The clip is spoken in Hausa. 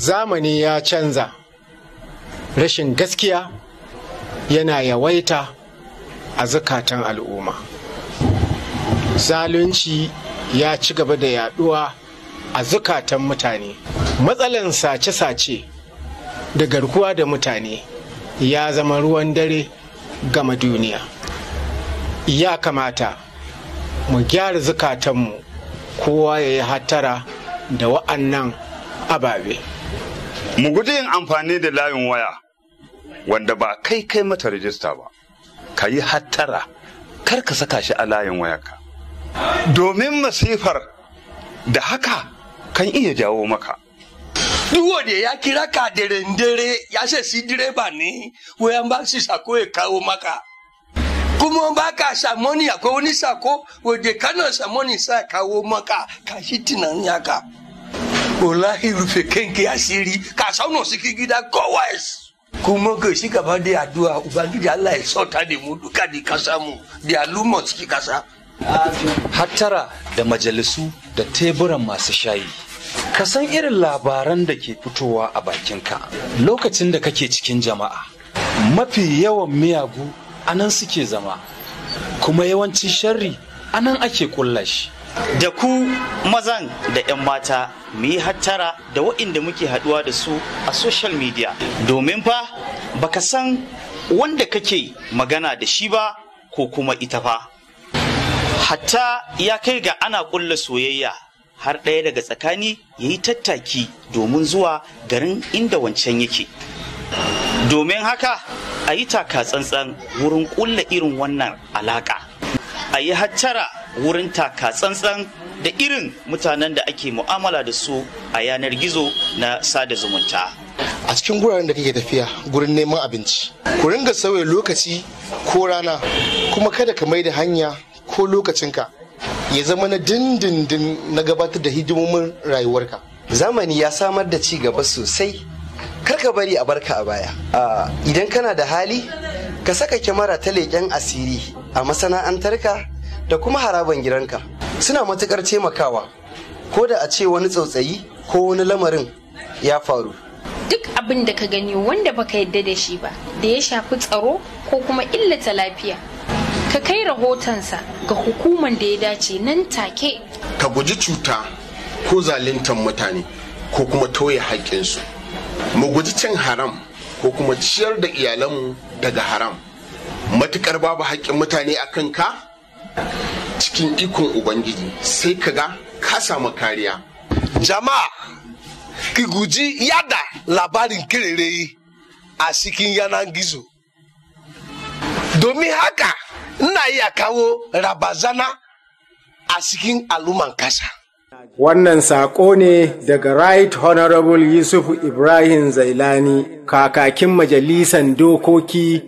zamani ya canza rashin gaskiya yana yawaita a zukatan al'umma zalunci ya ci gaba da yaduwa a zukatan mutane matsalan sace-sace da garkuwa da mutane ya zama ruwan dare gama duniya ya kamata mu gyara zukatanmu kowa ya yi hattara da wa'annan ababe. mu guji yin amfani da layin waya wanda ba kai kai mata rijista ba ka yi hattara kar ka saka shi a layin wayarka domin masifar da haka kan iya jawo maka Duwode ya kira ka dare-dare ya ce si direba ne wayan ba shi sako ya kawo maka kuma ba ka samoni akwai wani sako wadda kano samoni sa kawo maka ka shi tunanin haka wallahi rufe kenke asiri ka sauna cikin gida kowais kuma ka shi gaba da addu'a ubangiji Allah ya sauta da mu duka di kasa mu da al'umma cikin kasa hattara da majalisu da teburan masu shayi ka san irin labaran da ke fitowa a bakinka lokacin da kake cikin jama'a mafi yawan miyagu anan suke zama kuma yawancin sharri anan ake kullashi shi da ku mazan da 'yan mata mu yi hattara da waɗanda muke haɗuwa da su a social media domin fa baka san wanda kake magana da shi ba ko kuma ita fa hatta ya kai ga ana ƙulla soyayya har ɗaya daga tsakani ya yi tattaki domin zuwa garin inda wancan yake domin haka a yi taka tsantsan wurin ƙulla irin wannan alaƙa a yi hattara wurin taka tsantsan da irin mutanen da ake mu'amala da su a yanar gizo na sada zumunta. a cikin guraren da kake tafiya gurin neman abinci ku ringa sauya lokaci ko rana kuma kada ka mai da hanya ko lokacinka ya zama na dindindin na gabatar da hidimomin rayuwarka zamani ya samar da ci gaba sosai karka bari a barka a baya idan kana da hali ka saka kyamara ta leƙen asiri a masana'antarka da kuma haraban gidanka suna matukar taimakawa ko da a ce wani tsautsayi ko wani lamarin ya faru duk abin da ka gani wanda baka yadda da shi ba da ya shafi tsaro ko kuma illata lafiya ka kai rahotonsa ga hukumar da ya dace nan take ka guji cuta ko zaluntar mutane ko kuma toye haƙƙinsu mu guji cin haram ko kuma ciyar da iyalanmu daga haram matukar babu haƙƙin mutane a ka? cikin ikon ubangiji sai ka ga ka samu kariya jama'a ki guji yada labarin kirere a cikin yanar gizo domin haka ina iya kawo rabazana a cikin aluman kasa Wannan saƙo ne daga Right Honorable Yusuf Ibrahim Zailani, kakakin Majalisan Dokoki